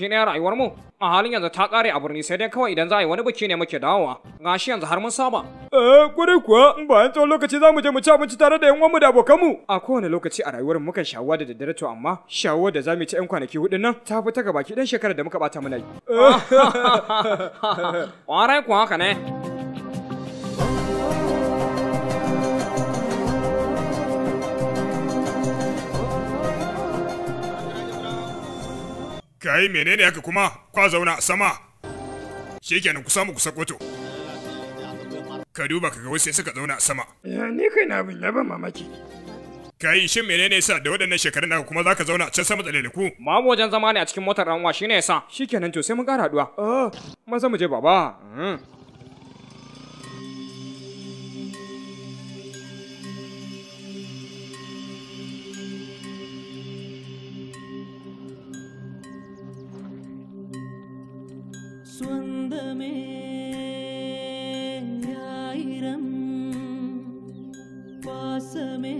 baki ɗaya rayuwar mu a halin yanzu ta kare a birni sai dai kawai idan za a yi wani biki ne muke dawowa shi yanzu har mun saba eh kwarai kuwa bayan tsawon lokaci za mu je mu ci abinci tare da yan mu da abokanmu a kowane lokaci a rayuwar mu mukan shawuwa da daddare to amma shawuwa da za mu ci yan kwanaki hudun nan ta fi ta baki ɗan shekarar da muka bata muna yi kwarai eh. kuwa haka ne Kai menene haka kuma kwa zauna a sama? Shikenan ku samu ku sakoto. Ka duba ka ga wasu suka zauna a sama. Eh ni kai na abin laban mamaki. Kai shin menene yasa da waɗannan shekarun naka kuma zaka zauna a can sama tsaleleku? Mamu wajen zama ne a cikin motar ranwa shine yasa. Shikenan to sai mun ƙara haɗuwa. Ah, maza mu je baba. Hmm. சொந்தமே ஆயிரம் பாசமே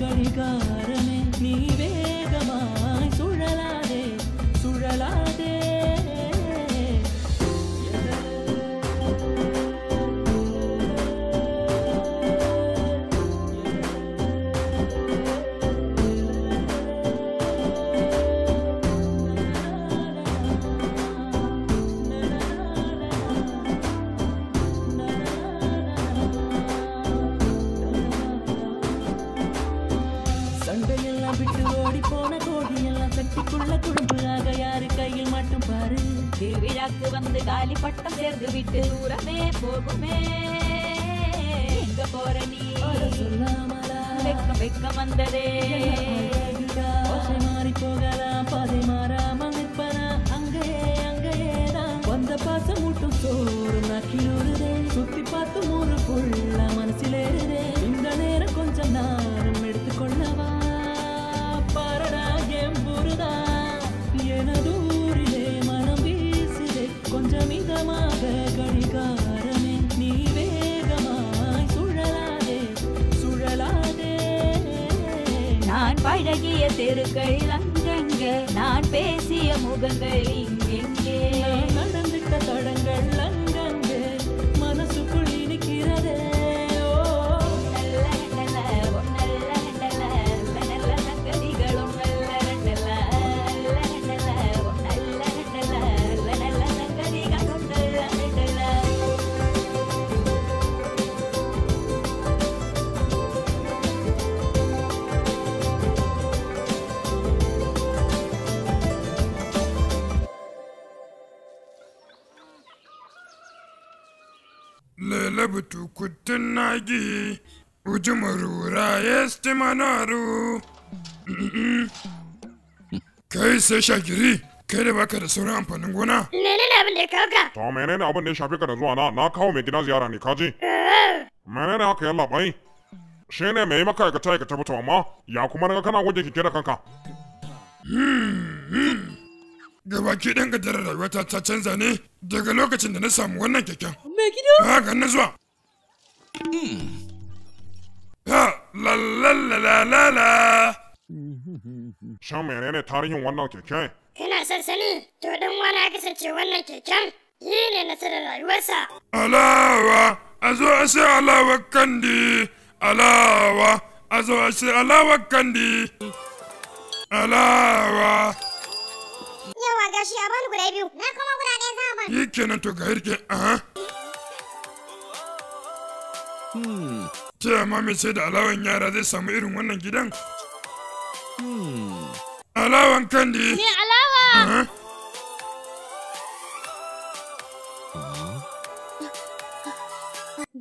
ಗಳಿಗಾರ rebtu kuttinagi ujumurura yesti kai sai shagiri kai da baka da sauran amfanin gona menene abin da ya to menene abin da ya shafe ka da zuwa na na kawo mai gida ziyara ne kaji ah. menene haka yalla bai shi ne mai maka aikata aikata mutu amma ya kuma naga kana goge kike da kanka hmm, hmm. gabaki ɗan gadar rayuwata ta canza ne daga lokacin da na samu wannan keken. Mai gido. Ha, ga na zuwa. Hmm. Ha, la la la la la la. Shan menene tarihin wannan keken? ina son sani? To dan wani kasance wannan keken? Yi ne nasarar rayuwarsa. Alawa, a zo a sai alawa kandi. Alawa, a zo a sai alawa kandi. Alawa. gashi a bani guda biyu. Na kuma guda ɗaya za a bani. Yi kenan to ga rike. Aha. Hmm. Ta yamma mai sai da alawan yara zai samu irin wannan gidan? Hmm. Alawan kandi. Me alawa?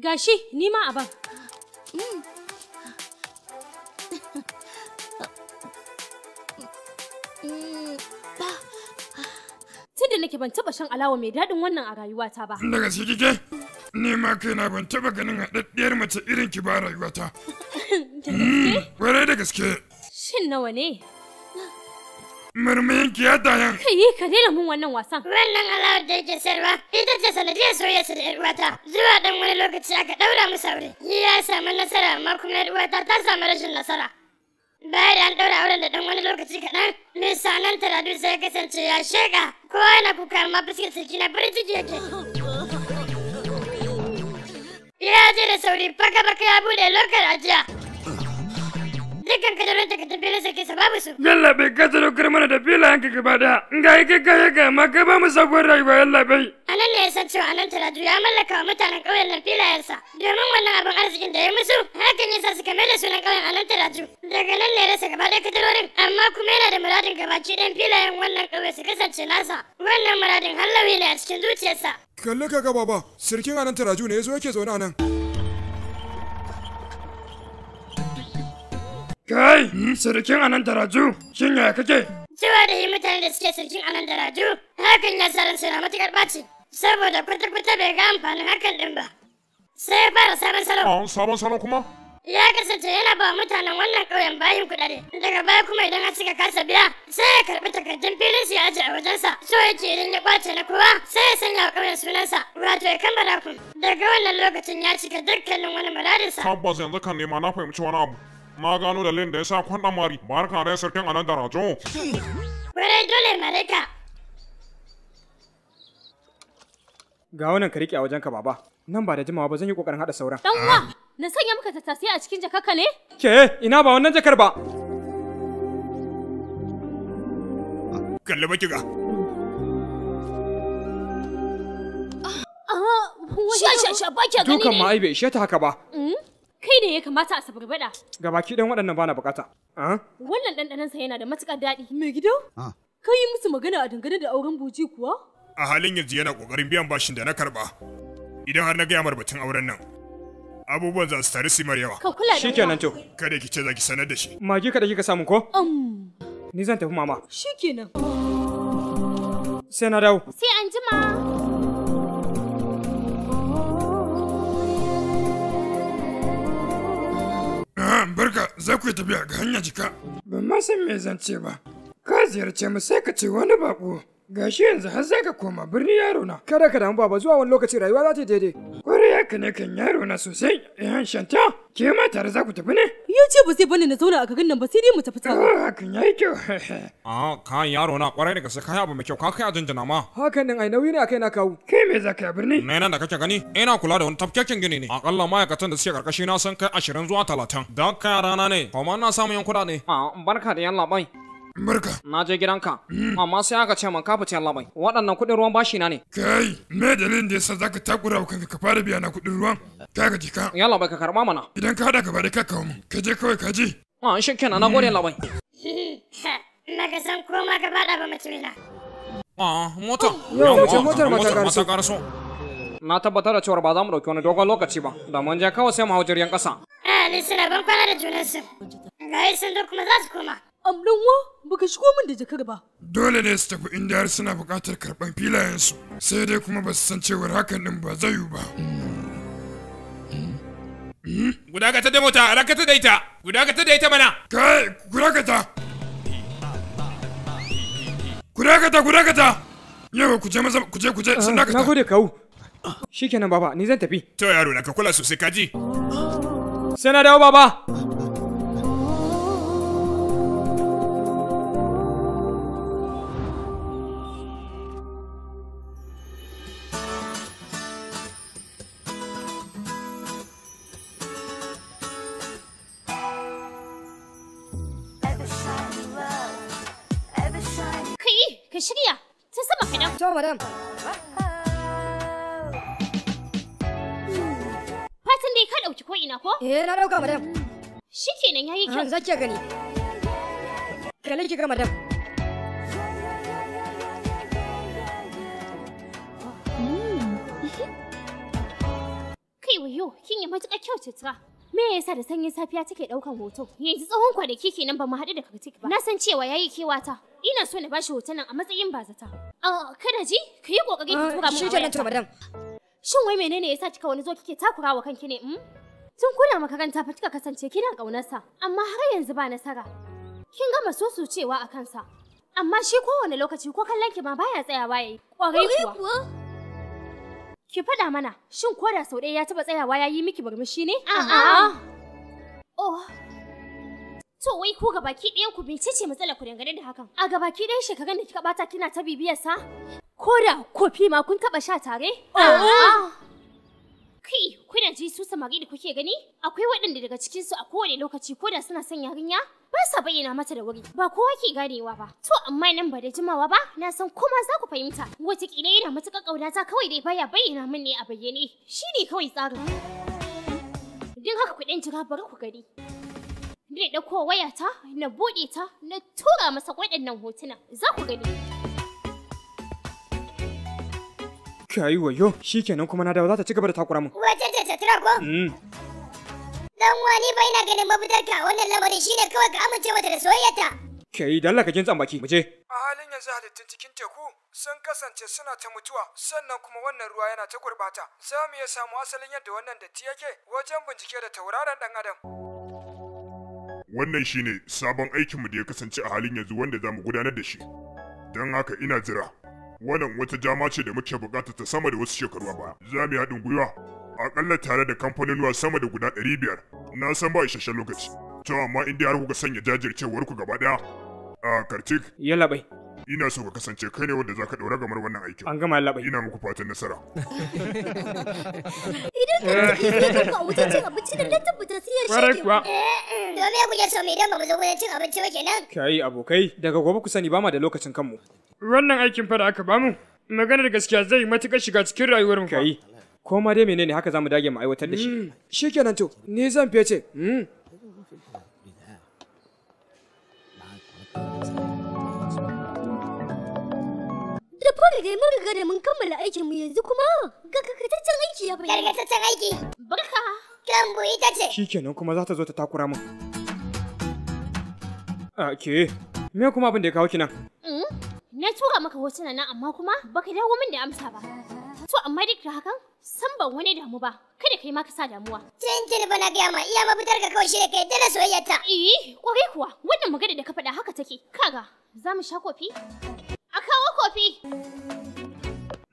Gashi, ni ma a ban. Mm. tun da nake ban taba shan alawa mai daɗin wannan a rayuwata ba. Daga ciki ke? Ni ma kaina ban taba ganin haɗaɗɗiyar mace irin ki ba rayuwata. Da hmm, da gaske. Shin nawa ne? Marmayin ki ya dayan. Kai ka daina mun wannan wasan. Wannan alawar da yake sayarwa ita ce sanadiyar soyayya da ƴar uwata. Zuwa dan wani lokaci aka ɗaura musu aure. Ya samu nasara amma kuma ƴar uwata ta samu rashin nasara. bayan an ɗaura auren da ɗan wani lokaci kaɗan Mista nan taradu sai kasance ya sheƙa ko yana kuka amma fuskar sarki na farin ciki yake. Ya je da sauri baka baka ya buɗe lokar ajiya. dukkan kadarorin ta tafi sarki sa babu su yalla bai ka ta dokar mana da filayen ka gaba daya in ga yake ka amma ka ba mu rayuwa yalla bai anan ne ya san cewa anan talatu ya mallaka wa mutanen ƙauyen nan filayensa domin wannan abin arzikin da ya musu hakan ya sa suka mai da sunan ƙauyen anan talatu daga nan ne rasa gaba da kadarorin amma kuma yana da muradin gabaci ɗan filayen wannan ƙauye su kasance nasa wannan muradin hallawi ne a cikin zuciyarsa kalle ka ga baba sirkin anan talatu ne ya yake zaune anan Kai, sirikin anan daraju, shin yaya kake? Cewa da yi mutane da suke sirikin anan daraju, hakan ya sa ransa na matuƙar ɓaci, saboda kwata bai ga amfanin hakan ɗin ba. Sai ya fara sabon salon. Ah, sabon salon kuma? Ya kasance yana ba mutanen wannan ƙauyen bayin kuɗaɗe, daga baya kuma idan a suka kasa biya, sai ya karɓi takardun filin su ya aje a wajensa, so yake idan ya ƙwace na kowa, sai ya sanya wa ƙauyen sunansa, wato ya kammala kun. Daga wannan lokacin ya cika dukkanin wani muradinsa. Tabbas yanzu kan nema na fahimci wani abu. na gano dalilin da ya sa kwan dan mari barka da sarkin anan darajo bare dole malaka. ga wannan ka rike a wajenka baba nan ba da jimawa ba zan yi kokarin hada sauran dan uwa na sanya maka tattasai a cikin jakakka ne ke ina ba wannan jakar ba kalle baki ga ah, Sha sha sha ba ki gani ne. Dukan ma bai ta haka ba. Mm? kai ne ya kamata a sabarbada. Ga baki dan waɗannan bana bukata. Ah? Wannan ɗanɗanansa yana da matuƙar daɗi. Mai gida? Ah. Ka yi musu magana a dangane da auren buji kuwa? A halin yanzu yana ƙoƙarin biyan bashin da na karɓa. Idan har na gaya batun auren nan, abubuwan za su tare su mar yawa. Ka Shikenan to. Kada ki ce za ki sanar da shi. Magi kada kika samu ko? Ni zan tafi mama. Shikenan. Sai na dawo. Sai an jima. haka za ku yi tafiya ga hanya jika. Ban ma san me zan ce ba. Ka ziyarce mu sai ka ce wani baƙo. Gashi yanzu har za ka koma birni yaro na. Kada ka damu baba zuwa wani lokaci rayuwa za ta daidai. Ƙwarya ka ne kan yaro na sosai. Yan eh, shanta, ke ma tare za ku tafi ne? Ya ce ba zai bani na zauna a garin nan ba sai dai mu tafi tare. Oh, hakan yayi kyau. Ah, kayan yaro na kwarai da gaske kaya abu mai kyau ka kai a jinjina ma. Hakan nan ai nauyi ne a kai na kawo. Kai me za ka birni? Me nan da kake gani? Ina kula da wani tafkekin gini ne. Akalla ma'aikatan da suke karkashi na san kai ashirin zuwa talatin. Don kaya rana ne, kuma na samun yan ne. Ah, barka da yan labai. Barka. Na je gidanka. Hmm. Amma sai aka ce man ka fice Allah bai. Waɗannan kuɗin ruwan bashi na ne. Kai, me dalilin da yasa zaka takura wa kanka ka fara biya na kuɗin ruwan? Kaga jika. Yalla bai ka karɓa mana. Idan ka hada gaba da ka kawo mun. Ka je kawai ka je. Ah, shi kenan na gode hmm. labai. Na ga san koma gaba da ba mutumina. Ah, mota. Yo, mota motar mota karso. Mota karso. Na tabbatar da cewa ba za mu ɗauki wani dogon lokaci ba. Da mun je kawai sai mu hau jirgin ƙasa. Eh, ni suna ban kwana da junansu. Ga yi sun da kuma za su koma. amran wa baka shigo min da jakar ba dole ne su tafi inda har suna buƙatar filayen filayensu sai dai kuma ba su san cewar hakan din ba zai yiwu ba guda hmm? ka da mota raka ta da ita guda ka da ita mana kai guda ka ta guda ka ta guda ka ta yawa ku je maza ku je ku je sun ah, dakata na gode kawu shikenan baba ni zan tafi to yaro na ka kula sosai kaji sai na dawo baba madam. Fatan dai ka ɗauki ko ina ko? Eh, na ɗauka madam. Shi yayi kyau. Zaki gani. Kalli ki Kai kin yi matuƙar kyautata. me yasa da sanyin safiya take ɗaukan hoto yanzu tsohon kwanaki kenan ba mu haɗu da kaktik ba na san cewa yayi kewata ina so na bashi hotunan a matsayin bazata. Ah, kada ji, ka yi kokari ka tura mu a wayarta. madam. Shin wai menene yasa kika wani zo kike takura wa kanki ne? Hmm? Tun kuna makaranta fa kika kasance kina sa amma har yanzu ba nasara. Kin gama so su cewa a kansa. Amma shi kowane lokaci ko kallon ki ma baya tsayawa yayi. kware kuwa. Ki faɗa mana, shin ko da sau ɗaya ya taɓa tsayawa ya yi miki murmushi ne? A'a. Oh, To wai ku baki ɗayan ku bincike matsalar ku dangane da hakan. A gabaki ɗayan shekaran da kika bata kina ta bibiyar sa? Ko da kofi ma kun taba sha tare? Kai, kuna ji su samari da kuke gani? Akwai waɗanda daga cikinsu a kowane lokaci ko da suna son yarinya? Ba sa bayyana mata da wuri, ba kowa ke ganewa ba. To amma nan ba da jimawa ba, na san kuma za ku fahimta. Wataƙila yana matuƙar ƙaunata kawai dai baya bayyana min ne a bayyane. Shi ne kawai tsarin. Don haka ku ɗan jira bari ku gani. Ni da ɗauko wayata na buɗe ta na tura masa waɗannan hotuna za ku gani. Kayi wayo shikenan kuma na dawo za ta ci gaba da takura min. Wace ce ta tura ko? Mm. Dan wani bai na ganin mafitarka wannan lamarin shine kawai ka amince mata da soyayyata. Kai dalla ka jin baki mu je. A halin yanzu halittun cikin teku sun kasance suna ta mutuwa sannan kuma wannan ruwa yana ta gurɓata. za mu iya samu asalin yadda wannan datti yake wajen bincike da tauraron dan adam Wannan shine sabon aikinmu da ya kasance a halin yanzu wanda za mu gudanar da shi. Don haka ina jira. Wannan wata jama'a ce da muke bukata ta sama da wasu shekaru ba. Za mu yi haɗin gwiwa. Aƙalla tare da kamfanin ruwa sama da guda ɗari biyar. Na san ba isasshen lokaci. To amma in dai har kuka sanya ku gaba ɗaya. A Kartik. Yalla bai. ina so ka kasance kai ne wanda zaka ɗora gamar wannan aikin. An gama labai. Ina muku fatan nasara. ba wajen cin abinci da lantar mu ta siyar shi kuwa. To me kuke so idan ba mu zo wajen cin abinci ba kenan? Kai abokai daga gobe ku sani ba ma da lokacin kanmu. Wannan aikin fa da aka bamu maganar gaskiya zai matukar shiga cikin rayuwar mu. Kai ko ma dai menene haka zamu dage mu aiwatar da shi. Hmm, shikenan to ni zan fice. Hmm. kawai dai mun riga da mun kammala aikinmu yanzu kuma gargataccen aiki ya bayyana. Gargataccen aiki. Barka. Gambo ita ce. Shikenan kuma za ta zo ta takura mun A ah, ke, me kuma abin da ya kawo ki nan? Mm, na tura maka hotuna nan amma kuma baka dawo min da amsa ba. To amma duk da hakan san ban wani damu ba. Kada kai ma ka sa damuwa. Tintin ba na gaya ma iya mafitar ka kawai shi da kai da soyayyarta. Eh, kwarai kuwa wannan magana da ka faɗa haka take. Kaga, za mu sha kofi? kofi.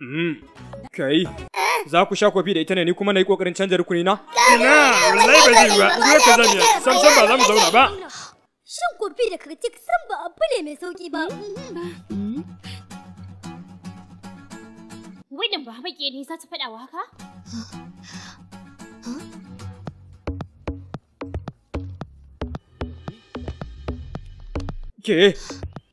Mm, kai, za ku sha kofi da ita ne ni kuma na yi ƙoƙarin canza rukunina? na? Ina, wallahi ba zai ba, zuwa ka zan yi, sam sam ba za mu zauna ba. Shan kofi da kritik sam ba abu ne mai sauƙi ba. Wannan ba baƙi ne za ta faɗa wa haka? Ke?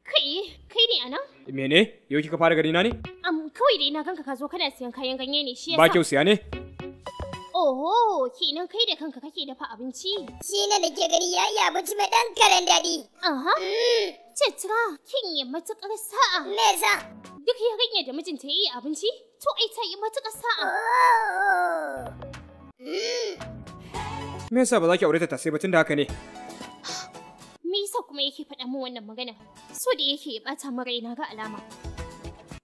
Kai, kai ne a nan? Mene? Yau kika fara gari na ne? Am kawai dai na ganka ka zo kana siyan kayan ganye ne shi yasa. Ba kyau siya ne? Oho, kenan kai da kanka kake dafa abinci? Shi ne da ke gari ya iya abinci mai ɗan karen daɗi. Aha. Mm. Cetra, kin yi matuƙar sa'a. Me yasa? Duk ganye da mijinta ya yi abinci, to ai ta yi matuƙar sa'a. Oh. Mm. Me yasa ba za ki aure ta sai ba tun da haka ne? me yasa kuma yake faɗa mu wannan magana? So da yake ya ɓata mu raina ga alama.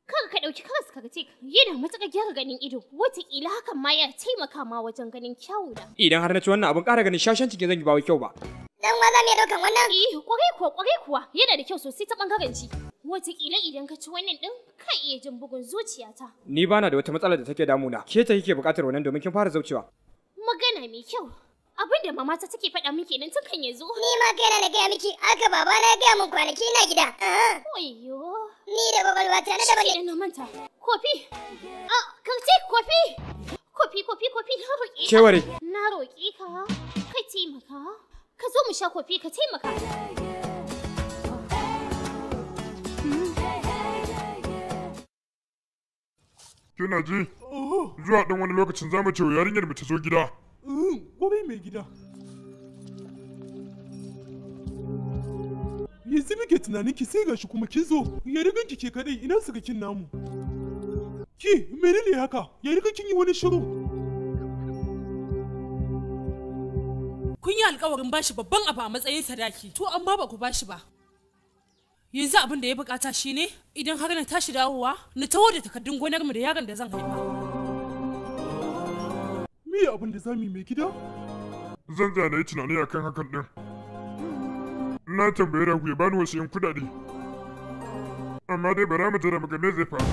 Kaga ka ɗauki karas kartik yana matuƙar gyara ganin ido wataƙila hakan ma ya taimaka ma wajen ganin kyawu da. Idan har na ci wannan abin ƙara ganin shashan cikin zan yi ba wai kyau ba. Dan ma za mu iya ɗaukan wannan? Eh ƙwarai kuwa ƙwarai kuwa yana da kyau sosai ta ɓangaren ci. Wataƙila idan ka ci wannan ɗin ka iya jin bugun zuciyata. Ni bana da wata matsala da take damuna. Ke ta kike buƙatar wannan domin kin fara zaucewa. Magana mai kyau. Abin da mama ta take faɗa min kenan tun kan ya zo. Ni ma kaina na gaya miki, haka baba na gaya min kwanaki na gida. Oyo. Ni da babalwa ta na da bane. Shi na manta. Kofi. Ah, kanti kofi. Kofi, kofi, kofi, na roƙi ka. Na roƙi ka. Kai taimaka. Ka zo mu sha kofi ka taimaka. Kina ji? Zuwa ɗan wani lokacin za mu ce yarinyar mu ta zo gida. gobe mm, mai gida yanzu tunanin ki sai gashi kuma kin zo ya ki ke kadai ina suka kin namu ki menene haka ya kin yi wani shiru kun yi alkawarin bashi babban abu a matsayin sadaki to amma ba ku bashi ba yanzu abin da ya bukata ne idan har na tashi dawowa na taho da takardun gonar mu da yaron da zan haifa Me abin da zamu mai gida? Zan tsaya na yi tunani akan hakan din. Na tambayi ragu ya bani wasu yin kudade. Amma dai bara mu tara muga zai faru.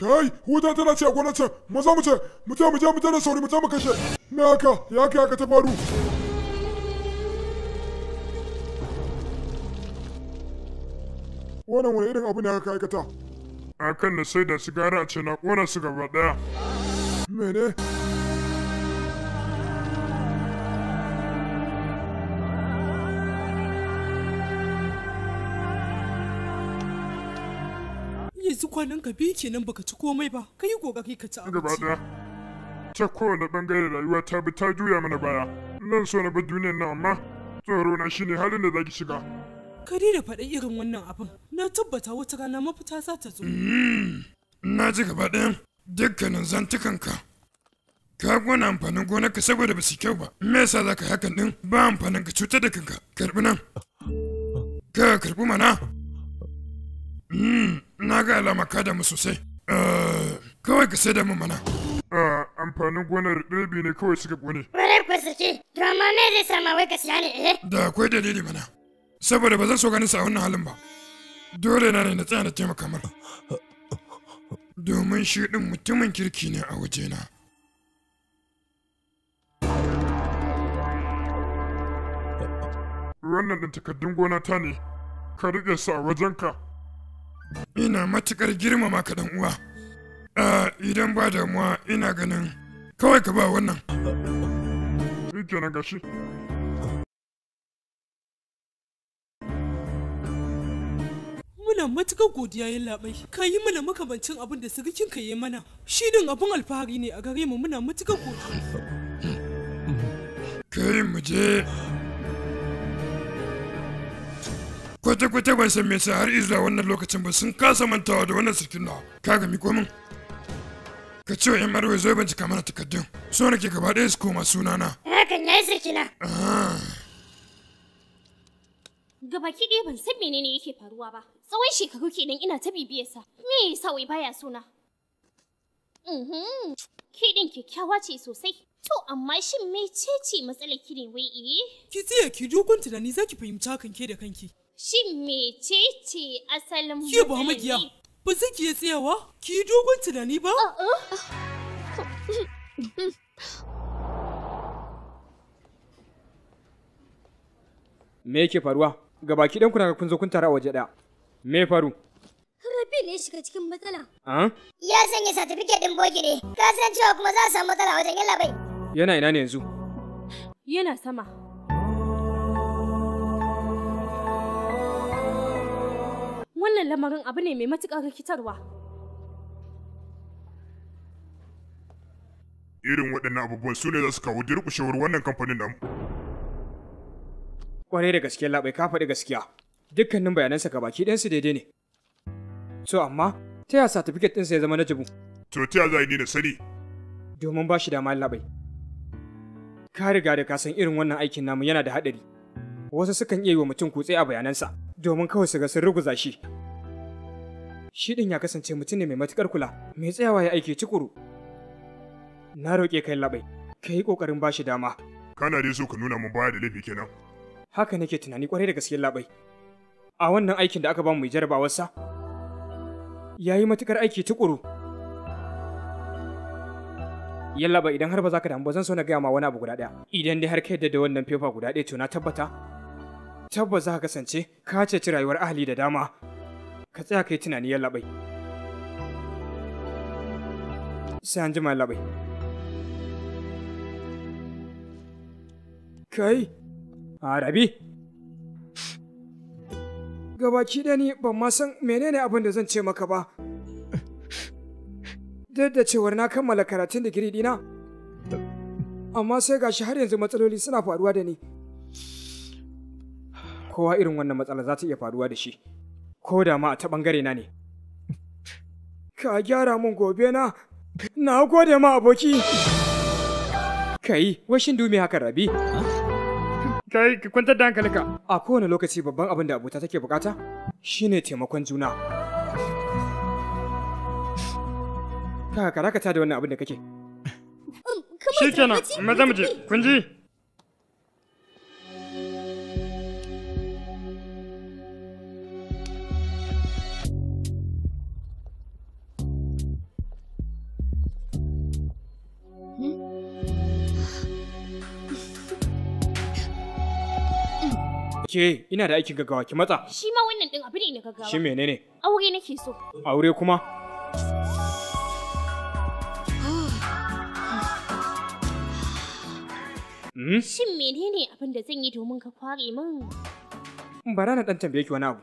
kai wuta tana ce gwamnatin maza mu ce mu ce mu je mu je da sauri mu je mu kashe me haka ya haka ya ka ta faru wannan wani irin abu ne aka aikata a kan na sai da su a ce na ƙona su gaba ɗaya mene yanzu kwanan ka biyu kenan baka ci komai ba ka yi kokari ka ci abinci gaba daya ta kowane bangare rayuwa ta bi ta juya mana baya nan so na bi duniyan nan amma tsoro na shine halin da zaki shiga ka da faɗin irin wannan abin na tabbata wata rana mafita za ta zo. Mm. Na ji gaba ɗayan dukkanin zantukanka. Ka gona amfanin gonarka saboda ba su kyau ba. Me yasa za ka hakan ɗin ba amfanin ka cutar da kanka. Karɓi nan. Ka karɓi mana. Mm, na ga alama ka damu sosai. Eh, kawai ka sai da mu mana. amfanin gonar ɗalibi ne kawai suka ƙone. Warai ku sarki, domin me zai sama wai ka siya ne eh? Da akwai dalili mana. Saboda ba zan so ganin sa a wannan halin ba. Dole na ne na tsaya na taimaka mara. Domin shi ɗin mutumin kirki ne a wajena. Wannan da takardun gona ta ne, ka riƙe su a wajenka. Ina matuƙar girmama ka ɗan uwa. idan ba damuwa ina ganin kawai ka ba wannan. Ike na gashi. muna matuƙar godiya ya labai ka yi mana makamancin abin da sirikin ka yi mana shi din abin alfahari ne a gare mu muna matuƙar godiya kai mu je kwata-kwata ban san me har izuwa wannan lokacin ba sun kasa mantawa da wannan sirkin na kaga mi komin ka ce wa yan marwai zo bincika mana takardun so ke gaba ɗaya su koma sunana hakan yi Gabaki ɗaya ban san menene yake faruwa ba. Tsawon shekaru kenan ina ta bibiyarsa. Me yasa wai baya sona? Mhm. Ke kyakkyawa ce sosai. To amma shin ce matsalar ki ne wai eh? Ki tsaya ki dukun tunani za ki fahimci hakan ke da kanki. Shin ce asalin matsalar? Ki ba magiya. Ba zan ki tsayawa? Ki yi dogon tunani ba? Uh-uh. Me yake faruwa? ga baki ɗan kuna kun zo kun tara waje ɗaya. Me faru? Rafi ne shiga cikin matsala. Ya sanya satifiket ɗin boki ne, ka san cewa kuma za a samu matsala wajen yalla bai. Yana ina ne yanzu? Yana sama. Wannan lamarin abu ne mai matuƙar rikitarwa. Irin waɗannan abubuwan su ne za su kawo durƙushewar wannan kamfanin namu. Kwarai da gaske labai ka faɗi gaskiya. Dukkanin bayanansa ka baki ɗansu daidai ne. To amma ta yasa certificate ɗinsa ya zama na jabu? To ta yasa za na sani? Domin ba shi da labai. Ka riga da ka san irin wannan aikin namu yana da haɗari. Wasu sukan iya yi wa mutum kutse a bayanansa domin kawai su ga sun ruguza shi. Shi ɗin ya kasance mutum ne mai matuƙar kula, mai tsayawa ya aiki tukuru. Na roƙe kai labai, ka yi ƙoƙarin ba shi dama. Kana dai so ka nuna mun baya da laifi kenan. Haka nake tunani kwarai da gaskiyar labai. A wannan aikin da aka ba mu jarabawarsa, ya yi matuƙar aiki tukuru Yalla ba idan har ba za ka damu ba zan so na gaya ma wani abu guda ɗaya. Idan dai har ka yadda da wannan fefa guda ɗaya to na tabbata. Tabbas za ka kasance ka ceci rayuwar ahali da dama. Ka tsaya ka yi tunani yalla bai. Sai an jima yalla bai. Kai, a rabi gabaki da ni ban ma san menene abin da zan ce maka ba duk da cewar na kammala karatun digiri dina amma sai gashi har yanzu matsaloli suna faruwa da ni kowa irin wannan matsala za ta iya faruwa da shi ko da ma a ta bangare na ne ka gyara mun gobe na na gode ma aboki kai washin dumi hakan rabi Kai, ka kwantar da hankalinka. A kowane lokaci babban abin da abota take bukata shine taimakon juna. Kaka, ka da wannan abin da kake. Umm, Shikenan, maza mu kun ji? Ke ina da aikin gaggawa ki matsa. Shi ma wannan din abu ne na gaggawa. Shi menene? Aure nake so. Aure kuma? Hmm? Shin menene abin da zan yi domin ka kware min? Bara na dan tambaye ki wani abu.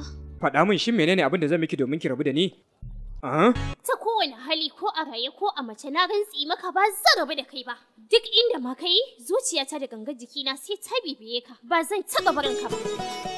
Ah. Faɗa min shin menene abin da zan miki domin ki rabu da ni? Ta kowane hali ko a raye ko a mace na rantsi maka ba zan rabu da kai ba. Duk inda ma ka yi zuciyata da gangar jikina sai ta bibiye ka ba zan taɓa barin ka ba.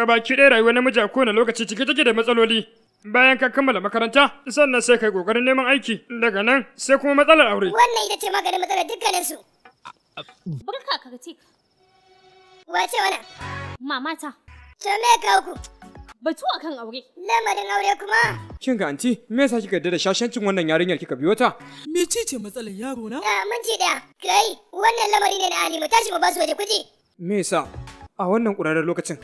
Ka baki ɗaya rayuwar namiji a kowane lokaci cike take da matsaloli. Bayan ka kammala makaranta, sannan sai kai ƙoƙarin neman aiki, daga nan sai kuma matsalar aure. Wannan ita ce maganin matsalar dukkaninsu. Barka ka ce. Wace wana? Mamata. To me ka uku? Batu kan aure. Lamarin aure kuma. Kin ga anti, me yasa kika da shashancin wannan yarinyar kika biyo ta? Me ce ce matsalar yaro na? Ah, mun ce da. Kai, wannan lamari ne na Ali, mu tashi mu ba su waje kuɗi. Me yasa? A wannan ƙurarren lokacin,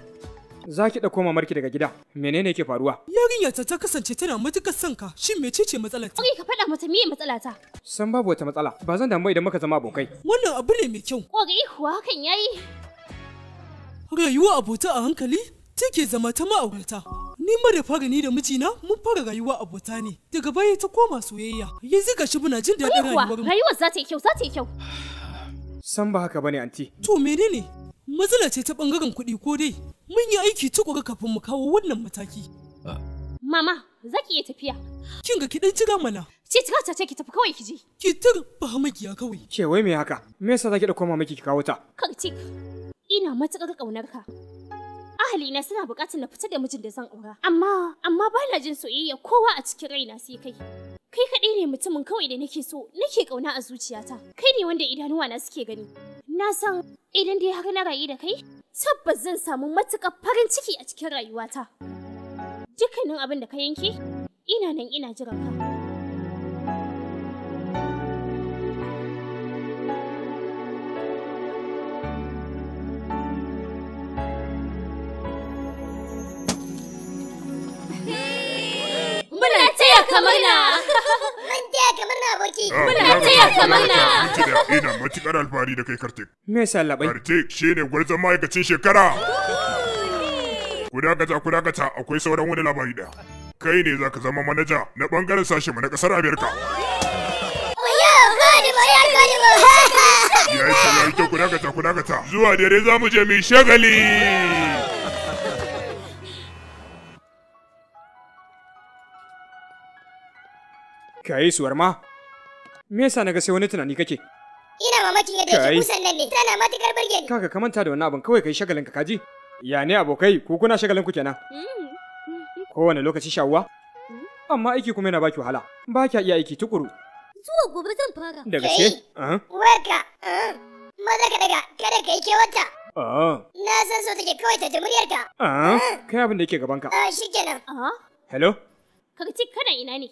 za ki ɗauko marki daga gida menene ke faruwa yarinya ta ta kasance tana matuƙar son ka shin ce matsalar ta ka faɗa mata me matsala ta san babu wata matsala ba zan damu idan muka zama abokai wannan abu ne mai kyau ƙoƙari kuwa hakan yayi rayuwa abota a hankali take zama ta ma'aurata ni ma da fara ni da mijina mun fara rayuwa abota ne daga baya ta koma soyayya yanzu gashi muna jin daɗin rayuwar mu rayuwar za ta yi kyau za ta yi kyau san ba haka bane anti to menene matsala ce ta bangaren kuɗi ko dai mun yi aiki tukuru kafin mu kawo wannan mataki. Ah. Mama, za ki iya tafiya. Kin ga kiɗan cira mana. Ce cira ta ce ki tafi kawai ki je. Ki tur ba makiya kawai. ce wai me haka? Me yasa za ki ɗauko mamaki ki kawo ta? Kar ce, ina matuƙar ƙaunar ka. ahalina suna buƙatar na fita da mijin da zan aura. Amma, amma ba na jin soyayya kowa a cikin raina sai kai. Kai kaɗai ne mutumin kawai da nake so, nake ƙauna a zuciyata. Kai ne wanda idanuwa na suke gani. Na san idan dai har na rayu da kai, tabbas zan samu matuƙar farin ciki a cikin rayuwata. Dukkanin abin da ka yanke, ina nan ina jiran ka. ka murna. Mun taya ka murna aboki. Ah, muna taya ka murna. Ina matukar alfahari da kai Kartik. Me yasa labai? Kartik shine gwarzon ma'aikacin shekara. Ku dakata ku dakata akwai sauran wani labari da. Kai ne za ka zama manaja na bangaren sashe mu na kasar Amerika. Oyo, gode mu, ya gode Ya yi kyau, ya yi kyau, ku dakata, ku dakata. Zuwa dare za mu je mu shagali. Kai suwar ma. Me yasa na ga sai wani tunani kake? Ina mamakin yadda yake kusan nan ne. Tana matukar burge ni. Kaka kamanta da wannan abin kawai kai shagalin ka kaji. Ya ne abokai ko kuna shagalin ku kenan? Mm. Kowane lokaci shawuwa? Mm. Amma aiki kuma yana baki wahala. Ba kya iya aiki tukuru. Zuwa gobe zan fara. Da gaske? warka. Ah. Maza ka daga kada ka yi kewata. Ah. Na san so take kawai ta jimuriyarka. Ah. Kai abin da yake gabanka. Shi kenan. Hello? Kaka ce kana ina ne?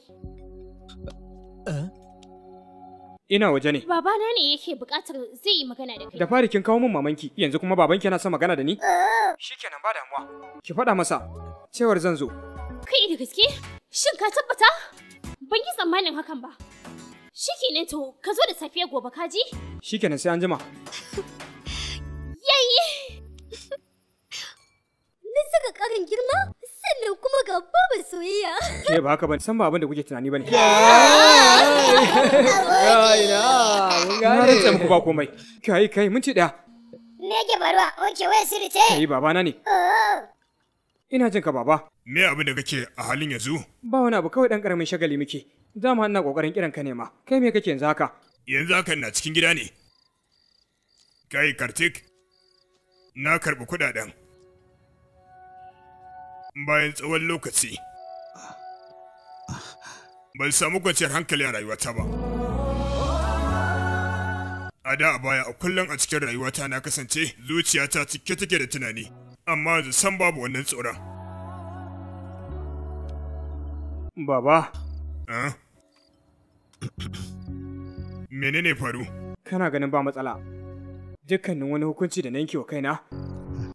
Ina waje ne. Babana ne yake buƙatar zai yi magana da kai. Da fari kin kawo min mamanki, yanzu kuma babanki yana son magana da ni? Shikenan ba damuwa. Ki faɗa masa cewar zan zo. Kai da gaske? Shin ka tabbata? Ban yi tsammanin hakan ba. Shikenan to, ka zo da safiya gobe ka ji? Shikenan sai an jima. Yayi! Ni saka ƙarin girma? wannan kuma ga babar soyayya. Ke ba haka ba san ba abin da kuke tunani ba ne. Na rantsa muku ba komai. Kai kai mun ci ɗaya. Me ke faruwa? Oke wai sirri ce. Kai babana ne. Oh, oh. Ina jin ka baba. Me abin da kake a halin yanzu? Ba wani abu kawai dan karamin shagali muke. mu ina kokarin kiran ka ne ma. Kai me kake yanzu haka? Yanzu haka ina cikin gida ne. Kai Kartik. Na karɓi kuɗaɗen. bayan tsawon lokaci ban samu kwanciyar hankali a rayuwata ba a da a baya a kullum a cikin rayuwata na kasance zuciyata cike take da tunani amma yanzu san babu wannan tsoron baba menene faru kana ganin ba matsala dukkanin wani hukunci da na yanke wa kaina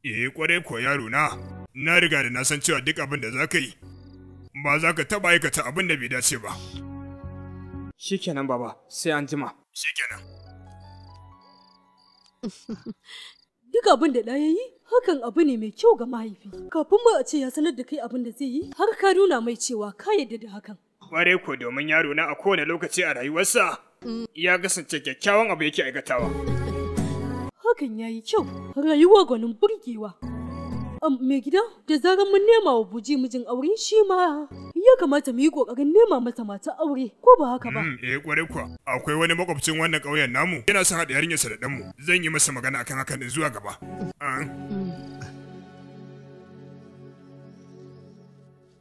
eh kwarai ko yaro na na riga da na san cewa duk abin da za ka yi ba za ka taɓa aikata abin da bai dace ba. Shikenan baba, sai an jima. Shikenan. Duk abin da ɗaya yi, hakan abu ne mai kyau ga mahaifi. Kafin mu a ce ya sanar da kai abin da zai yi, har ka nuna mai cewa ka yadda da hakan. Kware ko domin yaro na a kowane lokaci a rayuwarsa, ya kasance kyakkyawan abu yake aikatawa. Hakan ya yi kyau, rayuwa gwanin burgewa. mai gida da zarar mun nema wa buji mijin aure shi ma ya kamata mu yi kokarin nema mata mata aure ko ba haka ba hmm, eh kware akwai wani makwabcin wannan ƙauyen namu yana son haɗa yarinyarsa da ɗanmu zan yi masa magana akan hakan zuwa gaba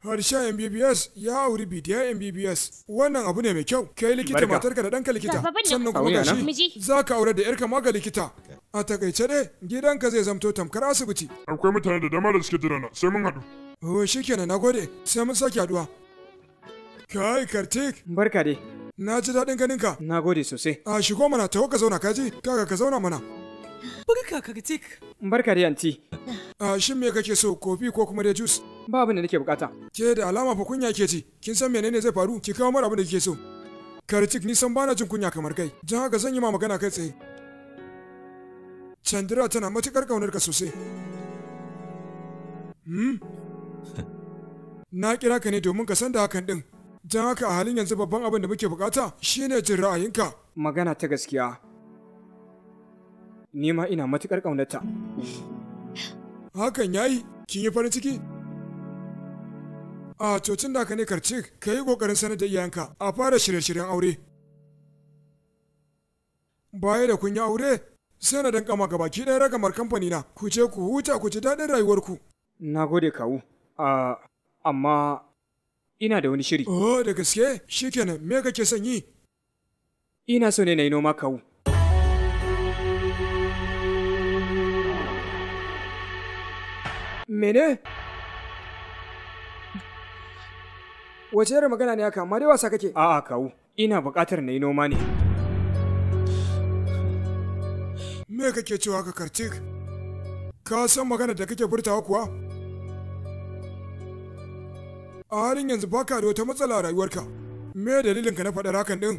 Harsha MBBS ya auri bidiya MBBS wannan abu ne mai kyau kai likita matarka da ɗanka likita sannan kuma gashi za ka aure da yarka ma ga likita A takaice dai gidanka zai zamto tamkar asibiti. Akwai mutane da dama da suke jira na sai mun haɗu. Oh shikenan gode sai mun sake haɗuwa. Kai Kartik. Barka dai. Na ji daɗin ganinka. gode sosai. A shigo mana tawo ka zauna kaji kaga ka zauna mana. Barka Kartik. Barka dai anti. A shin me kake so kofi ko kuma dai juice? Ba abin da nake bukata. Ke da alama fa kunya ke ci. Kin san menene zai faru? Ki kawo mara abin da kike so. Kartik ni san bana jin kunya kamar kai. Dan haka zan yi ma magana kai tsaye. Chandra tana matuƙar ƙaunar ka sosai. Hmm? Na kira ka ne domin ka san da hakan ɗin. Don haka a halin yanzu babban abin da muke bukata shine jin ra'ayinka. Magana ta gaskiya. Ni ma ina matuƙar ƙaunarta. Hakan yayi, kin yi farin ciki? a cocin da ka ne karci, ka yi ƙoƙarin sanar da iyayenka a fara shirye-shiryen aure. Baya da kun yi aure sai na danka maka baki ɗaya ragamar kamfani na ku je ku huta ku ji daɗin rayuwarku. Na gode kawu, amma ina da wani shiri. Oh da gaske kenan me kake son yi? Ina so ne na yi noma kawu. Mene? Wace magana ne haka? amma dai wasa kake? A'a kawu, ina buƙatar na yi noma ne. me kake cewa ka kartik ka san magana da kake furtawa kuwa a halin yanzu baka da wata matsala a rayuwarka me dalilin ka na faɗar hakan ɗin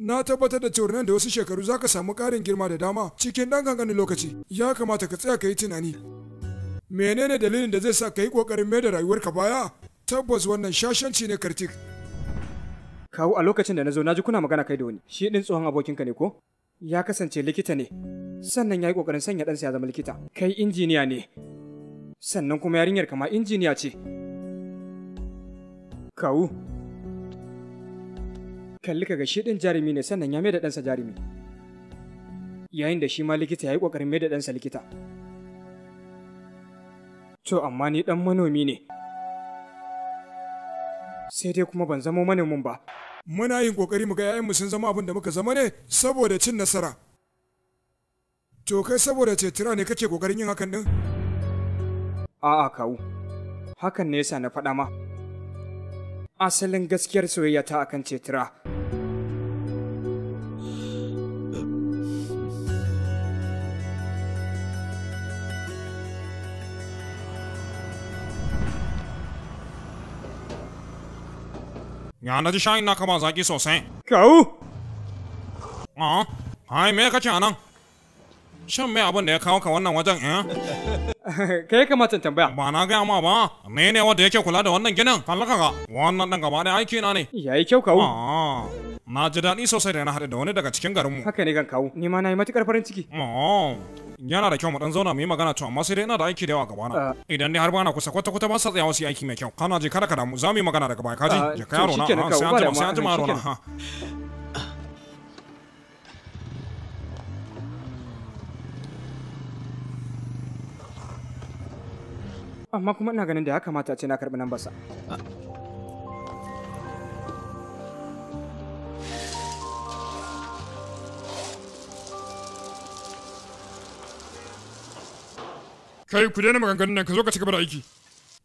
na tabbatar da cewa nan da wasu shekaru za ka samu ƙarin girma da dama cikin ɗan ƙanƙanin lokaci ya kamata ka tsaya ka yi tunani menene dalilin da zai sa ka yi ƙoƙarin mai da rayuwarka baya tabbas wannan shashanci ne kartik kawo a lokacin da na zo na ji kuna magana kai da wani shi ɗin tsohon abokinka ne ko ya kasance likita ne sannan ya yi ƙoƙarin sanya ɗansa ya zama likita kai injiniya ne sannan kuma yarinyar kama injiniya ce kawu kalli ka ga shi ɗin jarumi ne sannan ya mai da ɗansa jarumi yayin da shi ma likita ya yi ƙoƙarin mai da ɗansa likita to amma ni ɗan manomi ne sai dai kuma ban zamo manomin ba muna yin kokari mu ga yayanmu sun zama abin da muka zama ne saboda cin nasara to kai saboda cetira ne kake kokarin yin hakan din a'a kawu hakan ne yasa na faɗa ma asalin gaskiyar soyayya ta akan cetira yana ji shayin na ba zaki sosai. Kawu! Ah, hai me kace anan? Shan me abin da ya kawo ka wannan wajen eh? Kai kamata tambaya. Ba na gaya ma ba, me ne wanda yake kula da wannan ginin? Kallaka ga, wannan dan gaba ɗaya aikina ne. ne. Yayi kyau kawu. Ah, na ji daɗi sosai da na haɗu da wani daga cikin garinmu. Haka ne gan kawu, ni ma na yi matuƙar farin ciki. Oh. yana da kyau mu dan zauna mu yi magana to amma sai dai ina da aiki da yawa gaba na ah. idan dai har bana kusa kwata kwata ba sa tsayawa su aiki mai kyau kana je kada ka damu za mu yi magana daga baya kaji je ka ah, yaro na ah, sai an jima sai an jima yaro na ha amma kuma ina ganin da ya kamata a ce na karɓi nan Kai ku daina maganganun nan ka zo ka cigaba da aiki.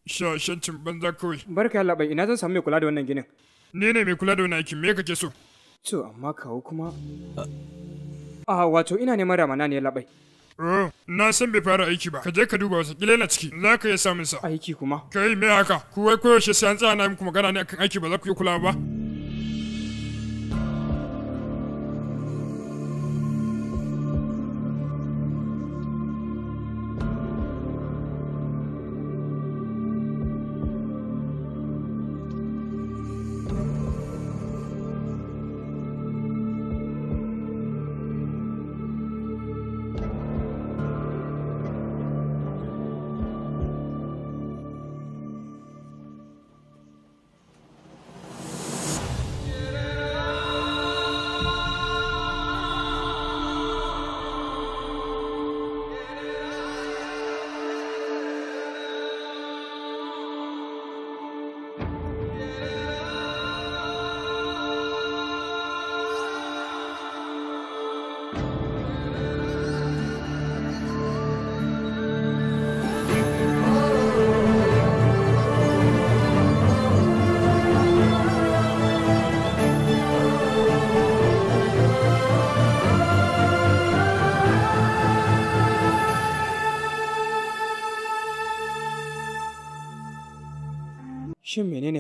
Sha banza kawai. Barka Allah bai ina zan samu mai kula da wannan ginin. Ni ne mai kula da wannan aikin me kake so? To amma kawo kuma. Ah wato ina neman ramana ne labai. Oh, na san bai fara aiki ba. Ka je ka duba wasa, kila na ciki. Za ka iya samun sa. Aiki kuma. Kai me haka? Ku wai koyaushe sai an tsaya na muku magana ne akan aiki ba za ku yi kula ba.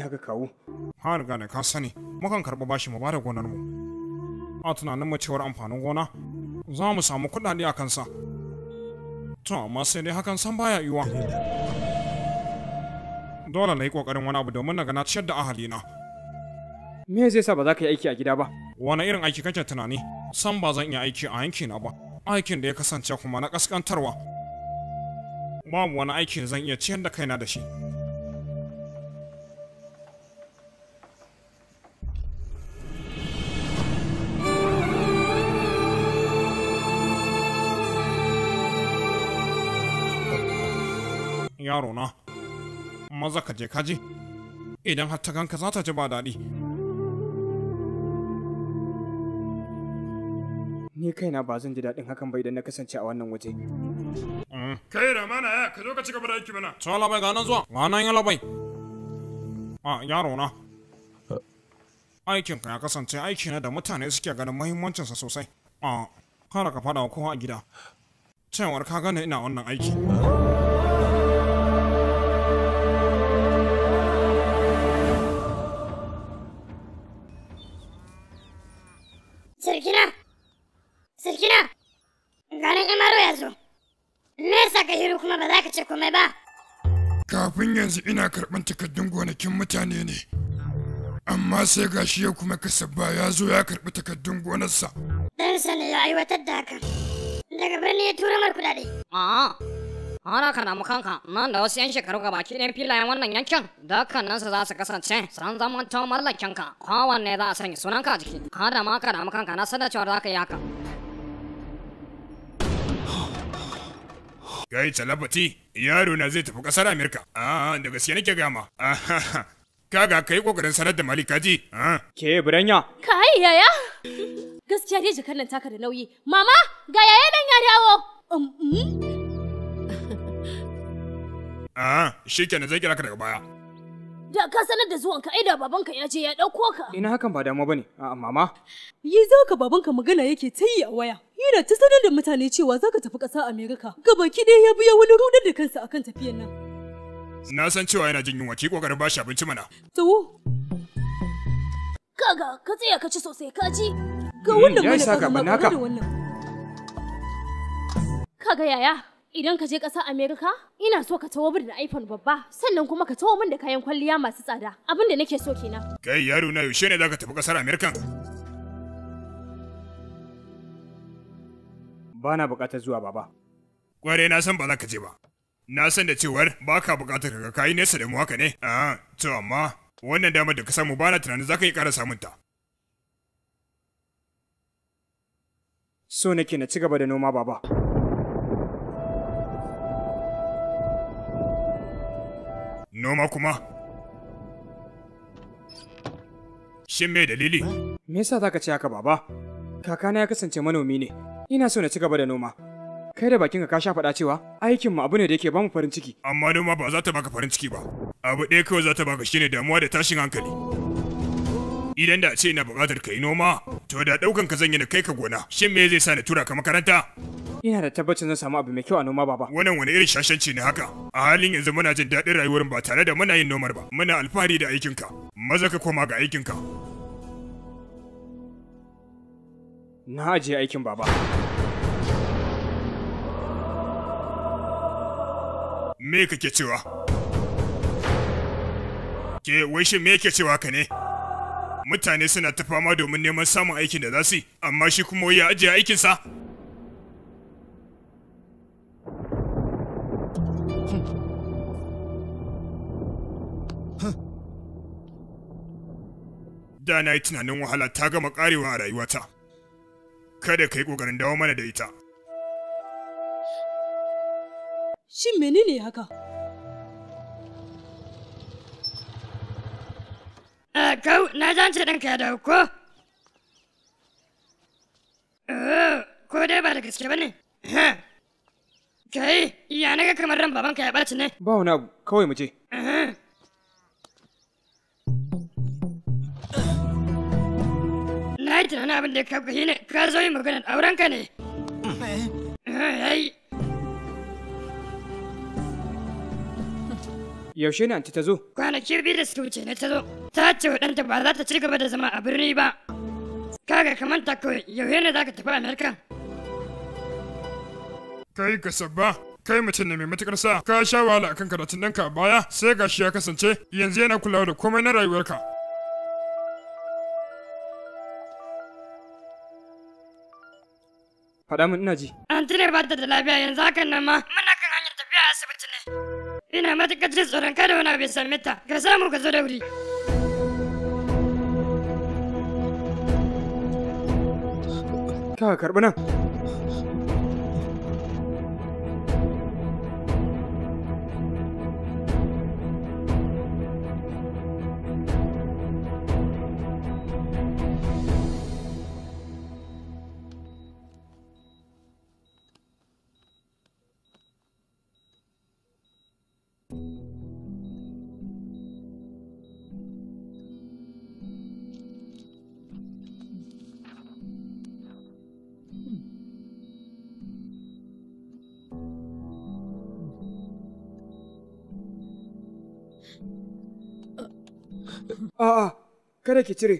haka kawo? Ha riga ne ka sani, mukan karɓi bashi mu bada gonar mu. A tunanin mu cewar amfanin gona, za mu samu kuɗaɗe a kansa. To amma sai dai hakan san baya yiwa. Dole na yi ƙoƙarin wani abu domin na ga na ciyar da ahalina. Me zai sa ba za ka yi aiki a gida ba? Wani irin aiki kake tunani? San ba zan iya aiki a yankina ba. Aikin da ya kasance kuma na ƙasƙantarwa. Babu wani aiki da zan iya ciyar da kaina da shi. yaro na maza ka je ka je idan har ta ganka za ta ji ba daɗi ni kaina ba zan ji daɗin hakan ba idan na kasance a wannan waje mm. kai da mana ya ka zo ka ci gaba da aiki mana to labai ga nan zuwa ga nan ya labai a yaro na aikin ka ya kasance aiki na da mutane suke ganin muhimmancinsa sosai a kada ka fada wa kowa a gida cewar ka gane ina wannan aiki Sirkina! Sirkina! Garin Imaro ya zo. Me yasa ka yi kuma ba za ka ce komai ba? Kafin yanzu ina karban takardun gonakin mutane ne. Amma sai gashi ya kuma kasabba ya zo ya karɓi takardun gonarsa. Dan sani ya aiwatar da hakan. Daga birni ya tura mar kuɗaɗe. Harakar kanka nan da wasu 'yan shekaru ga baki ɗayan filayen wannan yankin dukkaninsu za su kasance san zaman ta mallakinka kowanne za a sanya sunanka a jiki kada ma ka damu kanka na sanar cewa za ka yi haka. Kai talabati yaro na zai tafi ƙasar Amerika a da gaske nake gama. Kaga kai kokarin sanar da Malika ji. Ke buranya Kai yaya. Gaskiya dai jakar nan taka da nauyi. Mama ga yaya dan ya dawo. Ah, shikenan zai kira ka daga baya. Da ka sanar da zuwanka ai da babanka ya je ya ɗauko ka. Ina hakan ba damuwa bane. A'a mama. Yi za ka babanka magana yake ta yi a waya. Yana ta sanar da mutane cewa za ka tafi ƙasar Amerika. Gabaki ɗaya ya biya wani rudar da kansa akan tafiyan nan. Na san cewa yana jin yunwa ki kokarin bashi abinci mana. Tawo. Kaga ka tsaya ka ci sosai ka ji. Ga wannan hmm, mana ka da wannan. Kaga yaya. Idan ka je ƙasar Amerika, ina so ka tawo da iPhone babba, sannan kuma ka tawo min da kayan kwalliya masu tsada. Abin da nake so kenan. Kai yaro na yaushe ne zaka tafi ƙasar Amerika? Ba na buƙatar zuwa baba. Kware na san ba za ka je ba. Na san da cewar ba ka buƙatar ka kayi nesa da mu haka ne. Ah, to amma wannan damar da ka samu ba na tunanin za ka yi ƙara samunta. So nake na ci gaba da noma baba. Noma kuma? Shin me dalili? Me yasa ka ce haka baba? Kakana ya kasance manomi ne. Ina so na ci gaba da noma. Kai da bakinka ka sha faɗa cewa aikin mu abu ne da yake bamu farin ciki. Amma noma ba za ta baka farin ciki ba. Abu ɗaya kawai za ta baka shine damuwa da tashin hankali. Idan da a ce ina buƙatar ka yi noma, to da ɗaukan ka zan yi na kai ka gona. Shin me zai sa na tura ka makaranta? Ina da tabbacin zan samu abu mai kyau a noma baba. Wannan wani irin shashanci ne haka? A halin yanzu muna jin daɗin rayuwar ba tare da muna yin nomar ba. Muna alfahari da aikinka. Maza ka koma ga aikinka. Na ajiye aikin baba. Me kake cewa? Ke wai shi me yake cewa ka ne? Mutane suna ta fama domin neman samun aikin da za su yi, amma shi kuma ya ajiye aikinsa. da na yi tunanin wahala ta gama karewa a rayuwata kada ka yi ƙoƙarin dawo mana da ita shin menene haka a eh, kau na zance ɗanka ya dawo ko eh, ko dai ba da gaske ba ne eh, kai ya naga kamar ran babanka ya ɓaci ne ba wani abu kawai mu je yi tunanin abin da ka yi ne ka zo yin magana aurenka ne. Yaushe ne anti ta zo? Kwanaki biyu da suka wuce ne ta zo. Ta ce wa ɗanta ba za ta ci gaba da zama a birni ba. Kaga kamar ta kawai yaushe ne za ka tafi Amerika? Kai ka sabba. kai mutum ne mai matukar sa ka sha wahala akan karatun ɗanka a baya sai gashi ya kasance yanzu yana kulawa da komai na rayuwarka faɗa min ina ji. tunar ba ta da lafiya yanzu hakan nan ma muna kan hanyar tafiya asibiti ne. Ina matuƙar jin tsoron kada wani abu ya same ta. Ka samu ka zo da wuri. Ka karɓi nan. A'a, kada ki cire.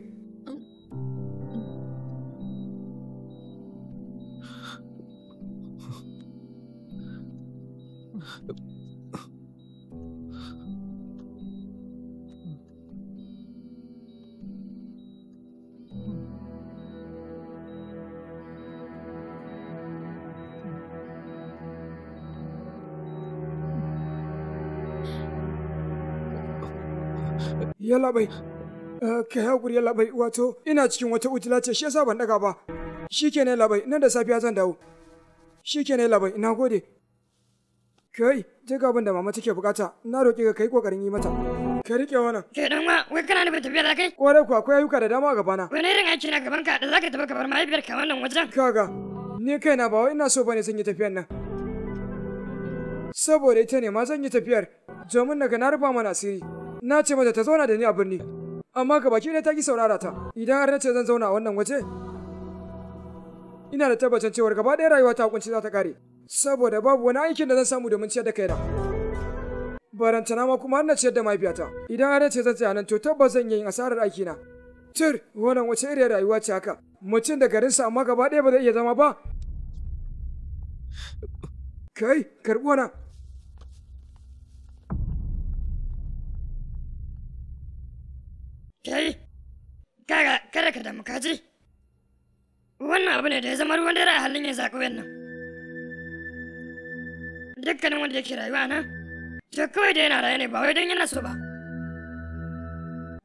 Yalla bai. Ka yi haƙuri labai wato ina cikin wata utila ce shi yasa ban daga ba. Shi ke labai nan da safiya zan dawo. Shi ke labai na gode. Kai duk abin da mama take bukata na roƙi ka kai ƙoƙarin yi mata. Ka riƙe wannan. Ke dan ma wai kana nufin tafiya da kai? Kwarai ku akwai ayyuka da dama a gabana. Wani irin aiki na gaban ka da za ka tafi ka mahaifiyar mahaifiyarka wannan wajen? Kaga ni kaina ba wai ina so bane zan yi tafiyar nan. Saboda ita ne ma zan yi tafiyar domin daga na rufa mana asiri. Na ce mata ta zauna da ni a birni. amma ka baki ta ki saurara ta idan har nace zan zauna a wannan waje ina da tabbacin cewar gaba ɗaya rayuwa ta kunci za ta kare saboda babu wani aikin da zan samu domin ciyar da kaina barantana ma kuma har na ciyar da mahaifiyata idan har nace zan tsaya nan to tabbas zan yi asarar aikina tur wannan wace iriyar rayuwa ce haka mutum da garinsa amma gaba ɗaya ba zai iya zama ba kai karɓo na Kai, kaga kada ka damu kaji. Wannan abu ne da ya zama ruwan dare a halin ya zaƙi wannan. Dukkanin wanda yake rayuwa nan, to kawai da yana rayuwa ne ba wai don yana so ba.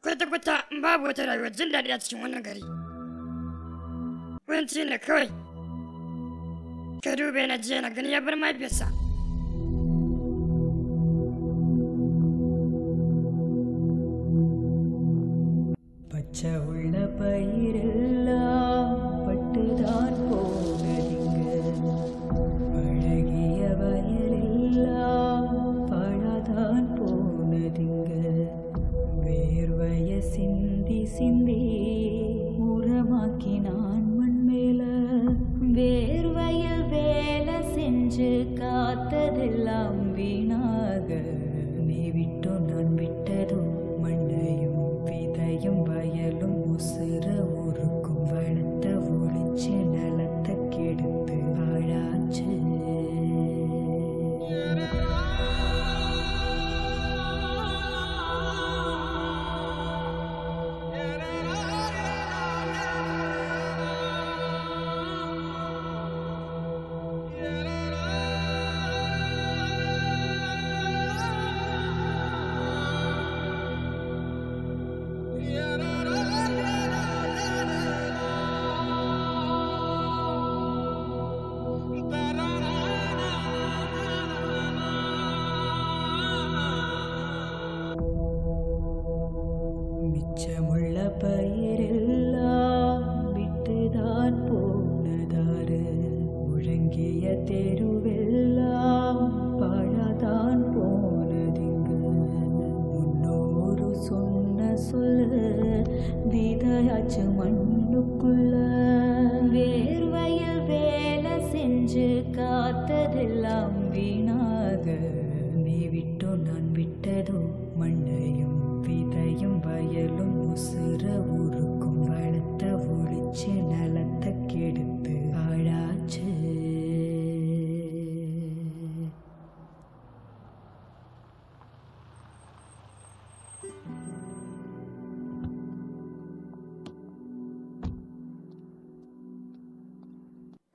Kwata-kwata babu wata rayuwa jin daɗi a cikin wannan gari. Kunci ne kawai. Ka dube na jiya na gani ya bar mahaifiyarsa. tell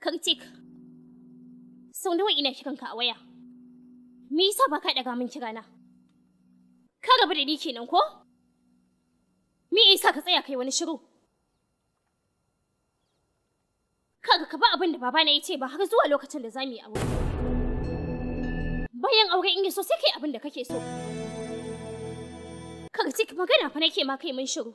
Kartik, sau nawa ina kiranka a waya? Me yasa ba ka ɗaga min kirana? Ka rabu da ni kenan ko? Me yasa ka tsaya kai wani shiru? Kaga ka ba abin da babana ya ce ba har zuwa lokacin da za mu yi aure. Bayan aure in so sai kai abin da kake so. Kartik magana fa nake ma kai mun shiru.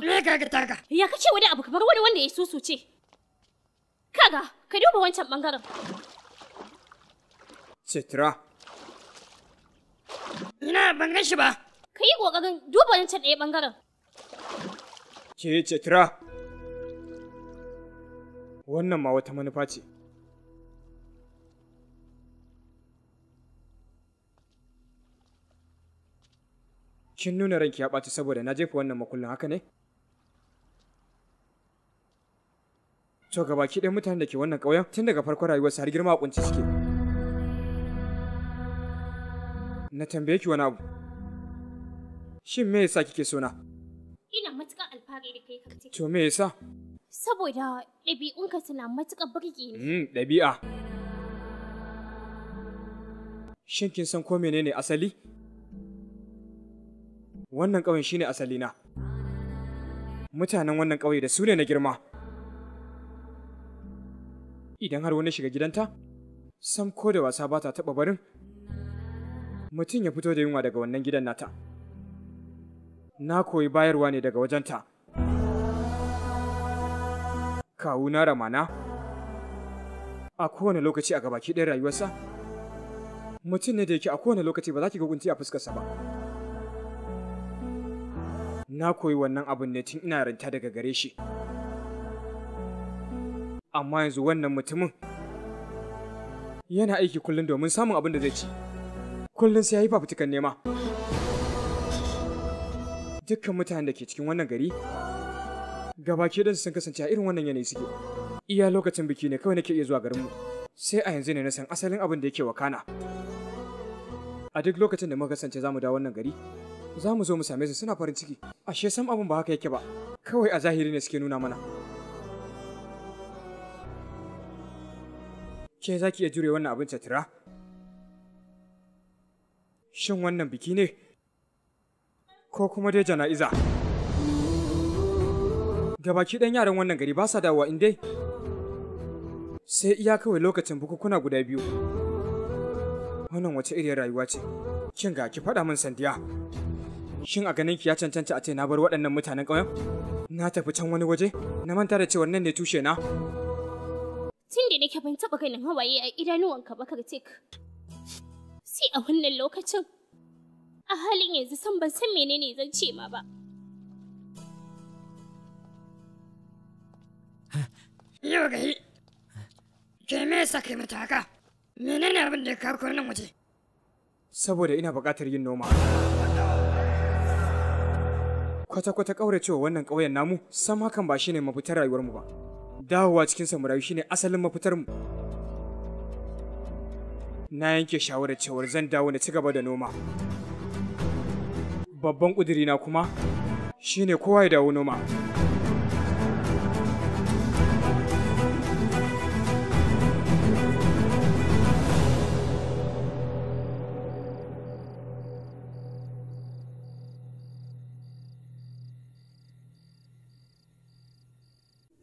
kan. Me ga taga? Ya kace wani abu kamar wani wanda ya susuce. Kaga, ka duba wancan bangaren. Citra. Ina ban gan shi ba. Ka yi kokarin duba wancan ɗaya bangaren. Ke Citra. Wannan ma wata manufa ce. kin nuna ranki ya ɓaci saboda na jefa wannan makullin haka ne? to baki ɗaya mutanen da ke wannan ƙauyen tun daga farkon rayuwarsa, har girma a kunci suke na tambaye ki wani abu shin me yasa kike so na ina matuƙar alfahari da kai kace to me yasa saboda ɗabi'unka suna matuƙar burge ni mm ɗabi'a shin kin san ko menene asali wannan ƙauyen shine asalina. mutanen wannan ƙauye da su ne na girma idan har wani shiga gidanta sam ko da wasa ba ta taɓa barin mutum ya fito da yunwa daga wannan gidan nata na koyi bayarwa ne daga wajenta kawuna ramana a kowane lokaci a gabaki ɗaya rayuwarsa mutum ne da yake a kowane lokaci ba za ki ga a fuskarsa ba na koyi wannan abin ne tun ina ranta daga gare shi. amma yanzu wannan mutumin yana aiki kullum domin samun abin da zai ci kullum sai ya yi fafutukan nema dukkan mutanen da ke cikin wannan gari gabaki ɗansu sun kasance a irin wannan yanayi suke iya lokacin biki ne kawai nake iya zuwa garinmu sai a yanzu ne na san asalin abin da yake wakana a duk lokacin da muka kasance za mu dawo wannan gari za mu zo mu same su suna farin ciki ashe sam abin ba haka yake ba kawai a zahiri ne suke nuna mana Ke za ki iya jure wannan abin tira? Shin wannan biki ne? Ko kuma dai jana'iza? Gabaki ɗan yaran wannan gari ba sa dawowa in dai. Sai iya kawai lokacin bukukuna guda biyu. Wannan wace iriyar rayuwa ce? Kin ga ki faɗa min sandiya. Shin a ganin ki ya cancanta a ce na bar waɗannan mutanen ƙauyen? Na tafi can wani waje? Na manta da cewa nan ne tushe na? tun da nake ban taɓa ganin hawaye a idanuwanka ba kartik sai a wannan lokacin a halin yanzu san ban san menene zan ce ma ba yau gai ke me yasa kai mata haka menene abin da ka kawo nan waje saboda ina buƙatar yin noma kwata-kwata ƙauracewa wannan ƙauyen namu sama kan ba shine mafitar rayuwarmu ba dawowa cikin shi shine asalin mafitar na yanke shawarar cewar zan dawo na ci gaba da noma babban ƙudurina kuma shine kowa ya dawo noma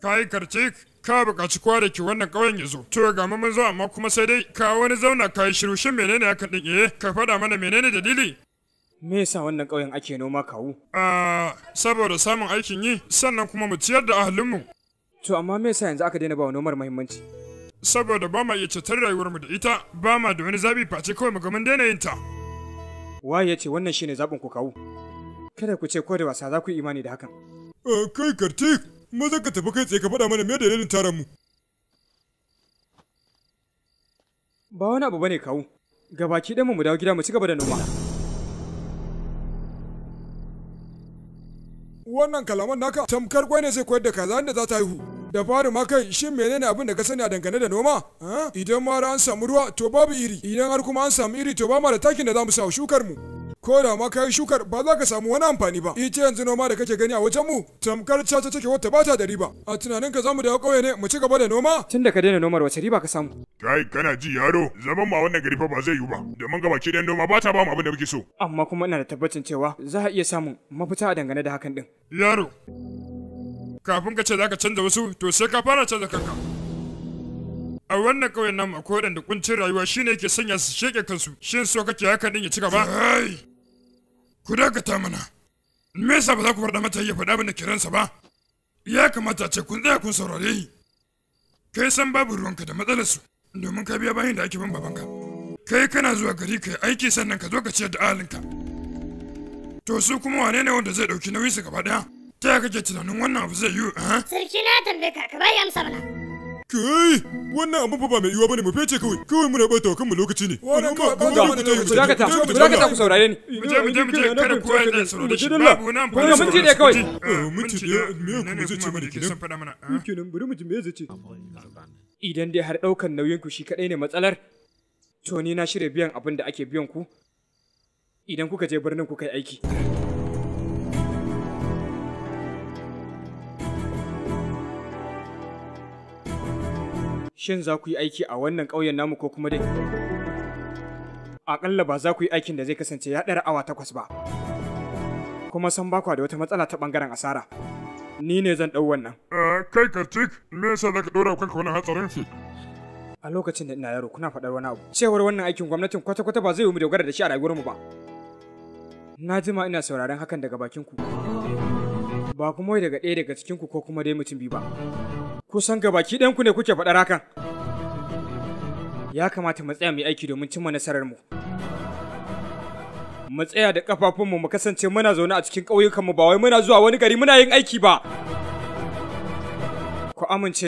Ka yi karce ka buƙaci kowa da ke wannan ƙauyen ya zo. To ga mun zo amma kuma sai dai ka wani zauna ka yi shiru shin menene aka ɗin eh ka faɗa mana menene dalili. Me yasa wannan ƙauyen ake noma kawu? Ah, saboda samun aikin yi sannan kuma mu ciyar da ahalinmu. To amma me yasa yanzu aka daina ba wa nomar muhimmanci? Saboda ba ma iya cetar rayuwarmu da ita, ba ma da wani zabi face kawai mu ga mun daina yin Waye ya ce wannan shine zaɓin ku kawu? Kada ku ce ko da wasa za ku imani da hakan. Ah, kai Kartik, maza ka tafi kai tsaye ka faɗa mana me dalilin taron mu. Ba wani abu bane kawo. Gabaki ɗanmu mu dawo gida mu ci gaba da noma. Wannan kalaman naka tamkar kwai ne sai koyar da kaza da za ta haihu. Da fari ma kai shin menene abin da ka sani a dangane da noma? Idan ma an samu ruwa to babu iri, idan har kuma an samu iri to ba ma da takin da za mu sa shukar mu. ko da ma kayi shukar ba za ka samu wani amfani ba ita yanzu noma da kake gani a wajen mu tamkar caca take wata ba da riba a tunanin ka mu dawo ƙauye ne mu ci gaba da noma tun da ka daina nomar wace riba ka samu kai kana ji yaro zaman ma wannan gari fa ba zai yiwu ba domin gaba baki dan noma ba ta ba mu abin da muke so amma kuma ina da tabbacin cewa za a iya samun mafita a dangane da hakan din yaro kafin ka ce za ka canza wasu to sai ka fara canza kanka a wannan ƙauyen nan, akwai waɗanda kuncin rayuwa shine ke sanya su sheke kansu shin so kake haka din ya ci gaba Ku dakata mana. Me yasa ba za ku bar mata ya faɗa ke kiransa ba? Ya kamata ce kun tsaya kun saurare ni Kai san babu ruwanka da matsalar su domin ka biya bayan da ake bin babanka. Kai kana zuwa gari kai aiki sannan ka zo ka ciyar da ahalinka. To su kuma wane ne wanda zai ɗauki nauyin su gaba ɗaya? Ta ya kake tunanin wannan abu zai yiwu? Eh? Sarki na tambaye ka ka bayi amsa mana. Kai, wannan abin fa ba mai yiwuwa bane mu fece kawai. Kawai muna bata wa kanmu lokaci ne. Wannan kawai ba mu da lokaci. Za ka ta, za ka ta ku saurare ni. Mu je mu je mu je kada ku ya dan da shi. Babu eh, eh, nan ba. Mun ji ne kawai. Mun ji ne, me ku ji ce mana kidan? Ah? Kidan bari mu ji me zai ce. Idan dai har daukan nauyin ku shi kadai ne matsalar. To ni na shirye biyan abin da ake biyan ku. Idan kuka je birnin ku kai aiki. Shin za ku yi aiki a wannan ƙauyen namu ko kuma dai? Aƙalla ba za ku yi aikin da zai kasance ya ɗara awa takwas ba. Kuma san ba da wata matsala ta ɓangaren asara. Ni ne zan ɗau wannan. Eh, kai Kartik, me yasa za ka ɗora kanka wani hatsarin? Hm. A lokacin da ina yaro kuna faɗar wani abu. Cewar wannan aikin gwamnatin kwata-kwata ba zai yi mu dogara da shi a rayuwarmu ba. Na jima ina sauraron hakan daga bakinku. Ba kuma daga ɗaya daga cikin ku ko kuma dai mutum biyu ba. kusan gabaki ɗanku ne kuke faɗar hakan. Ya kamata mu tsaya mu aiki domin cimma nasarar Mu tsaya da ƙafafunmu mu kasance muna zaune a cikin ƙauyukanmu ba wai muna zuwa wani gari muna yin aiki ba. Ku amince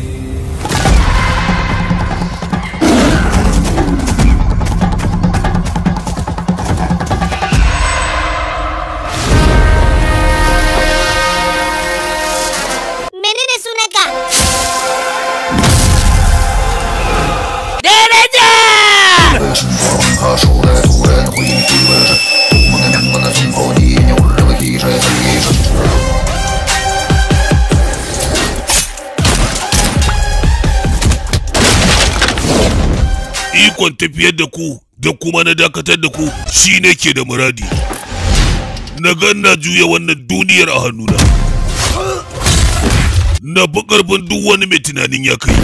ikon tafiyar da ku da kuma na dakatar da ku shi ne ke da muradi na ganna juya wannan duniyar a hannuna na bi ƙarfin duk wani mai tunanin ya kai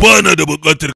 ba na da buƙatar